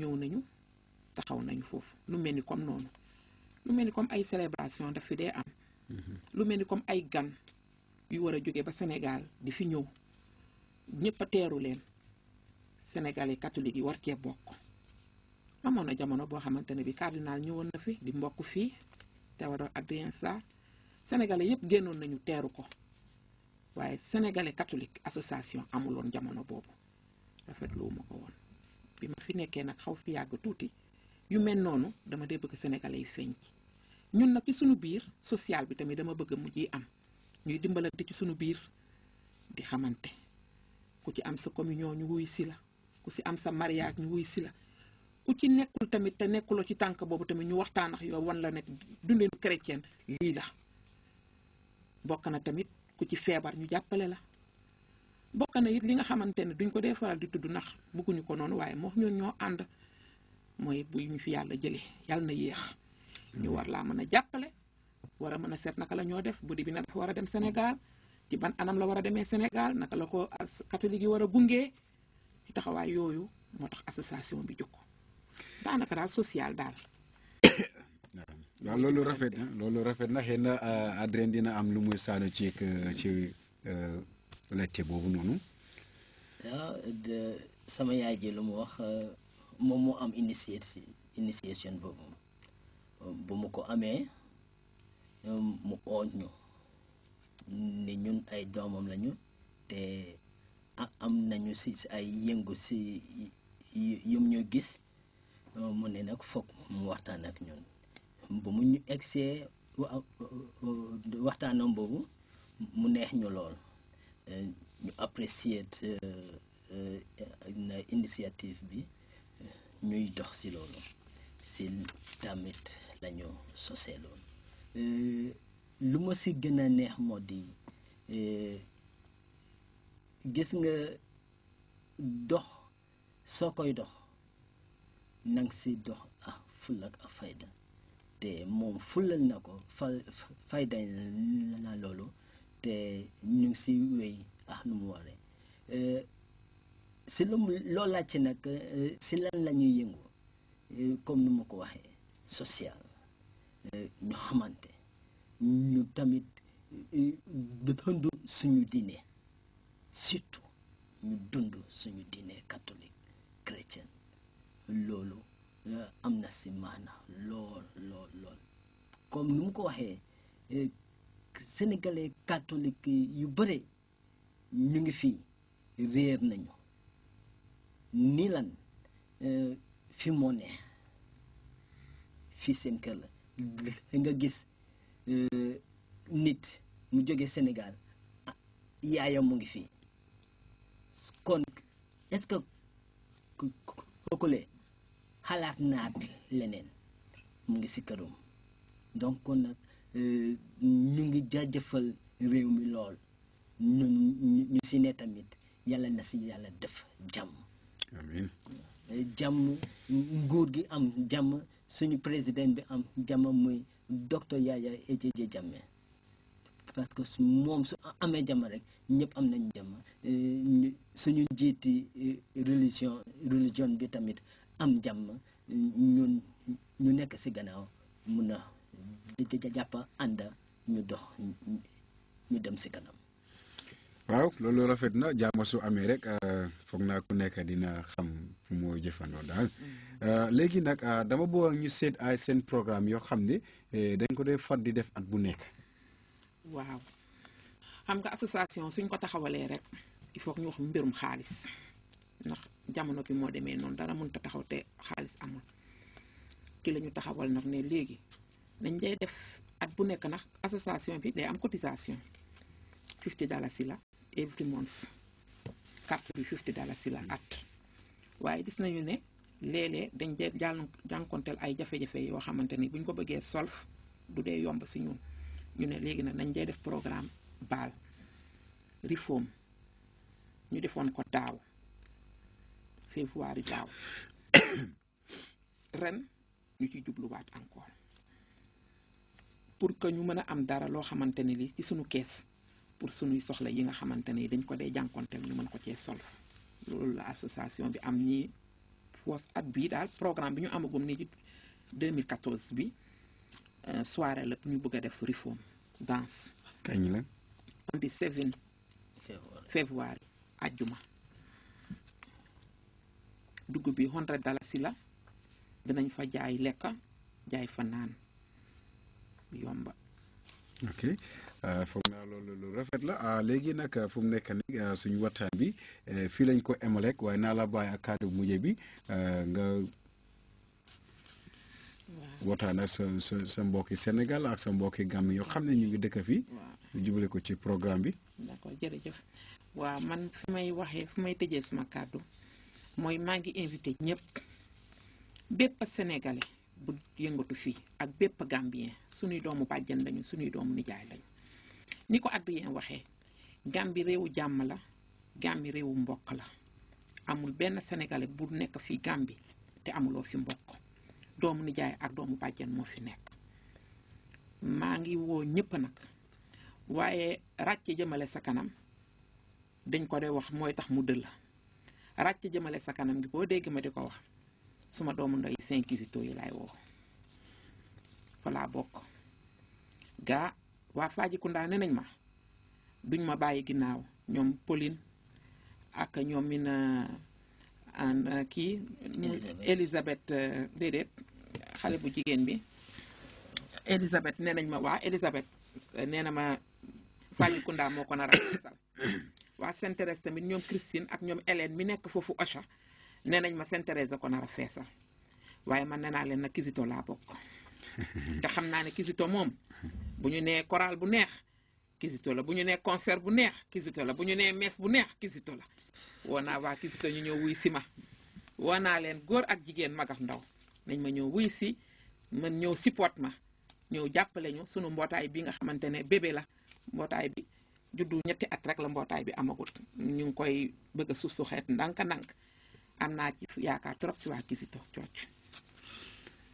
ñëw nañu taxaw nañu foofu lu mel ni comme noonu lu mel ni comme ay célébration daf fi dee am mm-hmm. lu mel ni comme ay gan yu war a jóge ba Sénégal di fi ñëw ñëpp teeru leen sénégalais catholique yi war cee bokk amoon na jamono boo xamante ne bi cardinal ñëwoon na fi di mbokk fii te Théodore Adrien Sarr sénégalais yëpp génnoon nañu teeru ko waaye sénégalais catholique association amuloon jamono boobu rafetlu ma ko woon bi ma fi nekkee nag xaw fi yàgg tuuti yu mel noonu dama dee bëgg sénégalais yi feeñ ci ñun nag ci suñu biir sociale bi tamit dama bëgg mujj ciy am ñuy dimbalante ci suñu biir di xamante ku ci am sa communion ñu wuy si la ku si am sa mariage ñu wuy si la ku ci nekkul tamit te nekkuloo ci tànk boobu tamit ñu waxtaan ak yow wan la nekk dundin chrétien lii la bokk na tamit ku ci feebar ñu jàppale la bokk na it li nga xamante ne duñ ko dee faral di tudd nax bëgguñu ko noonu waaye moo ñun ñoo ànd mooy bu ñu fi yàlla jëlee yàlla na yéex ñu war laa mën a jàppale wara mën a seet naka la ñoo def di bi na dafa war a dem Sénégal ci ban anam la war a demee Sénégal naka la ko catholique yi war a gunge taxawaay yooyu moo tax association bi jóg daanaka daal social daal waaw loolu rafet na loolu rafet na xëy na euh, Adrien dina am lu muy saanu ci ci euh, lette boobu noonu. Ah, sama yaay ji lu mu wax euh, moom mu am initiation initiation boobu bu mu ko amee euh, mu ooñ ñu ne ñun ay doomam lañu te am nañu si ay yëngu si yum ñu gis euh, mu ne nag foog mu waxtaan ak ñun bu mu egsee waxtaanam boobu mu neex ñu lool. ñu apprécier euh, euh, na initiative bi ñuy dox si loolu si tamit lañu sosee loolu euh, lu ma ci gën a neex moo di gis nga dox soo koy dox nang si dox ah ful ak fayda te moom fulal na ko fayda na loolu te ñu ngi si wéy ax nu mu waree si lu mu loo laajte nag si lan la ñuy yëngu comme nu ma ko waxee social ñu xamante ñu tamit dund suñu diine surtout ñu dund suñu diine katolik chrétien loolu am na si maana lool lool lool comme nu mu ko waxee. sénégalais catholique yu bëre ñu ngi fi réer nañu ni lan euh, fi moo ne fii seen kër la nga gis euh, nit mu jóge Sénégal yaayam mu ngi fi kon est-ce que kookule xalaat naat leneen mu ngi si këram donc kon nag Euh, ñu ngi jaajëfal réew mi lool ñu si ne tamit yàlla na si yàlla def jàmm euh, jàmm nguur gi am jàmm suñu président bi am jàmm muy docteur Yaya Ejeje jàmme parce que moom su amee jàmm rek ñëpp am nañ jàmm euh, suñu njiiti religion religion bi tamit am jàmm ñu nekk si gannaaw mun na di japp ànd ñu dox ñu dem ci kanam waaw loolu rafet na jàmm su amee rek ah, foog naa ku nekk dina xam fu mu jëfandoo daal mm-hmm. ah, léegi nag ah, dama bëgg ñu seet ay seen programme yoo xam ne eh, dañ ko dee fat di def at bu nekk waaw xam nga association suñ ko taxawalee rek il faut ñu wax mbirum xaalis ndax jamono bi moo demee noonu dara mënta taxaw te xaalis amul ki la taxawal nag ne léegi dañ dee def at bu nekk ndax association bi day am cotisation fifty dalasi la every month carte bi fifty dalasi la hmm. at waaye gis nañu ne léeg-léeg dañ dee jànkonteel ay jafe-jafe yoo xamante ni bu ko bëggee solve du dee yomb si ñun ñu ne léegi nag nañ dee def programme baal reform ñu defoon ko daaw février daaw ren ñu ci jubluwaat encore pour que ñu mën am dara loo xamante ne li ci suñu kees pour suñuy soxla yi nga xamante dañ ko dee jànkonteel ñu mën ko cee sol loolu la association bi am ñi foos at bidal program programme bi ñu amagum ni 2014 bi euh, soirée la ñu bëgg def reform danse kañ la on the 7 février ajjuma dugub bi 100 dalasi la dinañ fa jaay lekka jaay fa ok euh, foog naa loolu lu rafet la ah, léegi nag fu mu nekk nii ah, suñu waxtaan bi eh, fii lañ ko emalek waaye naa la bàyyi ak kàddu bu bi ah, nga waxtaan ak sa sa sa mbokki Sénégal ak sa mbokki Gàmbi yoo xam ne ñu ngi dëkk fi jubale ko ci programme bi d'accord man fi may waxee fu may tëjee suma kàddu mooy maa ngi invité ñépp bépp Sénégalais bu yëngatu fii ak bépp gambien suñuy doomu bàjjan lañu suñuy doomu nijaay lañu ni ko Adrien waxee Gàmbi réewu jàmm la Gàmbi réewu mbokk la amul benn sénégalais bu nekk fii Gàmbi te amuloo fi mbokk doomu nijaay ak doomu bàjjan moo fi nekk maa ngi woo ñépp nag waaye ràcc jëmale sa kanam dañ ko dee wax mooy tax mu dëll ràcc jëmale sa kanam gi boo dégg ma di ko wax suma doomu ndey inquisiteur yi laay woo fa laa bokk gaa waa Fajikunda nee nañ ma duñ ma bàyyi ginnaaw ñoom Pauline ak ñoom min uh, kii Elisabeth uh, déedéet xale bu jigéen bi Elisabeth nee nañ ma waa Elisabeth uh, nee na ma Fajikunda moo ko nar a waa Saint-Thérèse tamit ñoom Christine ak ñoom Hélène mi nekk foofu Ocha nee nañ ma Sainte ko nar a feesal waaye man nee naa leen na kisito laa bokk te xam naa ne Kizito moom bu ñu nee chorale bu neex Kizito la bu ñu nee concert bu neex kisito la bu ñu nee messe bu neex Kizito la woo naa waa Kizito ñu ñëw wuy si ma woo naa leen góor ak jigéen mag ak ndaw nañ ma ñëw wuy si man ñëw support ma ñëw jàppale ñu sunu mbootaay bi nga xamante ne bébé la mbootaay bi juddu ñetti at rek la mbootaay bi amagut ñu ngi koy bëgg a suuf su xeet ndànk-ndànk am naa ci yaakaar trop si waa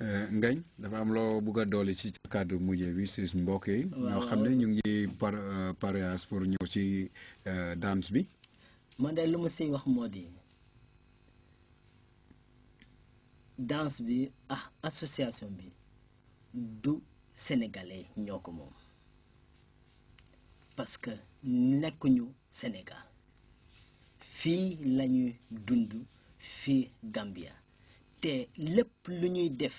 euh, ngañ dafa am loo bugg a doole ci kàddu mujj bi si mbokk yi ñoo xam ne ñu ngi par euh, pariage pour ñëw ci euh, danse bi man de lu ma siy wax moo di danse bi ah association bi du sénégalais ñoo ko moom parce que nekkuñu Sénégal fii lañuy dund fii Gambia te lépp lu ñuy def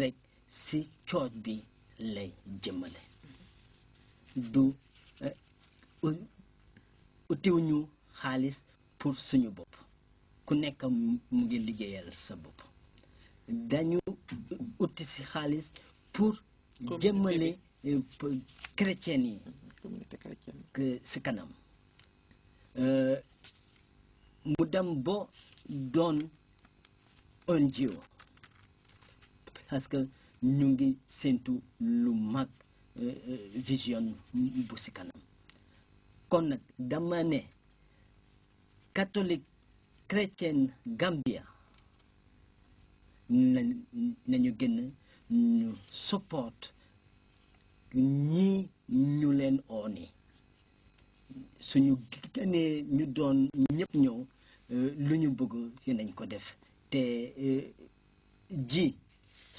rek ci cooj bi lay jëmale du eh, utiw xaalis pour suñu bopp ku nekk mu ngi liggéeyal sa bopp dañu uti si xaalis pour jëmale eh, chrétien yi ci kanam eh, mu dem ba doon NGO parce que ñu ngi séntu lu mag euh, euh, vision bu si kanam kon nag dama ne catholique chrétienne Gambia nañu génn ñu support ñii ñu leen ooni suñu génnee ñu doon ñëpp ñëw Euh, lu ñu bëgg ci nañ ko def te euh, ji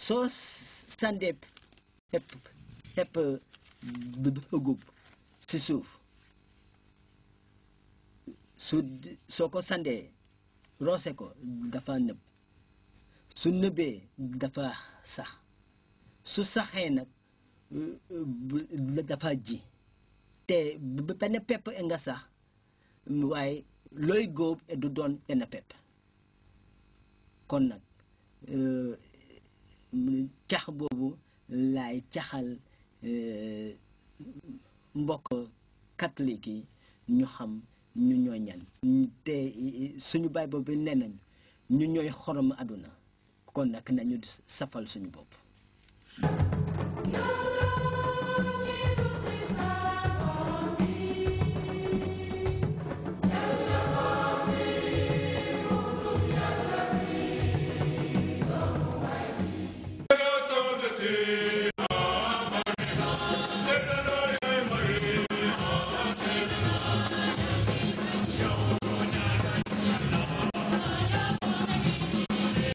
soo sandee pepp pepp dugub si suuf su soo ko sandee roose ko dafa nëb su nëbee dafa sax su saxee nag euh, dafa ji te benn pepp nga sax waaye looy góob du doon benn pepp kon nag euh, cax boobu lay caxal euh, mbokk catholique yi ñu xam ñu ñooy ñan te suñu baay boobu nee ñu ñooy xorom àdduna kon nag nañu safal suñu bopp